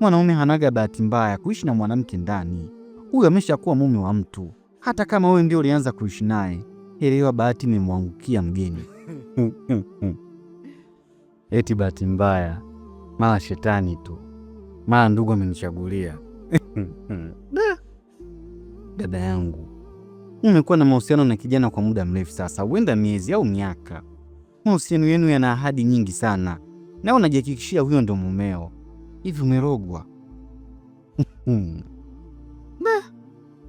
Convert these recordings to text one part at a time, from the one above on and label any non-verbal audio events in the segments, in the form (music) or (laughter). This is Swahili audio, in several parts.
Mwanaume hanaga bahati mbaya kuishi na mwanamke ndani, huyo ameshakuwa mume wa mtu, hata kama wewe ndio ulianza kuishi naye. Elewa, bahati imemwangukia mgeni. (laughs) Eti bahati mbaya, mara shetani tu, mara ndugu amenichagulia. (laughs) Dada yangu, umekuwa na mahusiano na kijana kwa muda mrefu sasa, huenda miezi au miaka. Mahusiano yenu yana ahadi nyingi sana, na unajihakikishia huyo ndo mumeo hivi umerogwa? Hmm.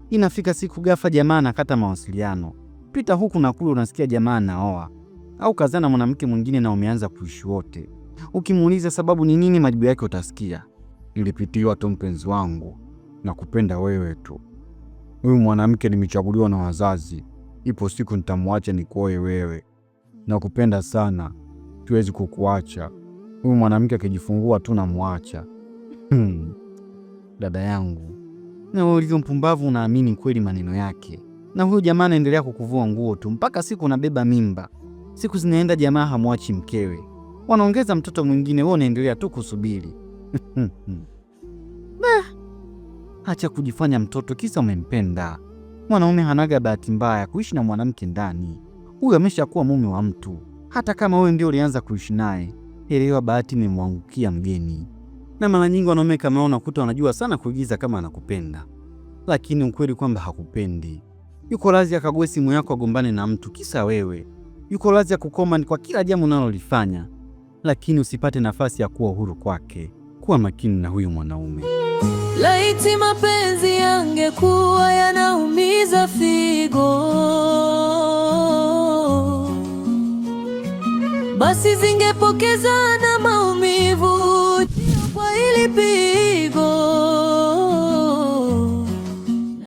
Inafika siku gafa jamaa anakata mawasiliano, pita huku na kule, unasikia jamaa anaoa au kazana na mwanamke mwingine na umeanza kuishi wote. Ukimuuliza sababu ni nini, majibu yake utasikia, ilipitiwa tu mpenzi wangu na kupenda wewe tu. Huyu mwanamke nimechaguliwa na wazazi, ipo siku nitamwacha nikuoe wewe, nakupenda sana, siwezi kukuacha huyu mwanamke akijifungua tu namwacha. Hmm. Dada yangu, na ulivyo mpumbavu, unaamini kweli maneno yake, na huyu jamaa anaendelea kukuvua nguo tu mpaka siku unabeba mimba. Siku zinaenda, jamaa hamwachi mkewe, wanaongeza mtoto mwingine, wewe unaendelea tu kusubiri. (laughs) Acha kujifanya mtoto kisa umempenda. Mwanaume hanaga bahati mbaya kuishi na mwanamke ndani, huyu ameshakuwa mume wa mtu, hata kama wewe ndio ulianza kuishi naye elewa bahati nimwangukia mgeni. Na mara nyingi wanaume kama wao unakuta wanajua sana kuigiza kama anakupenda, lakini ukweli kwamba hakupendi. Yuko radhi akague simu yako agombane na mtu kisa wewe. Yuko radhi akukomandi kwa kila jambo unalolifanya, lakini usipate nafasi ya kuwa uhuru kwake. Kuwa makini na huyu mwanaume. Laiti mapenzi yangekuwa basi zingepokezana maumivu kwa ili pia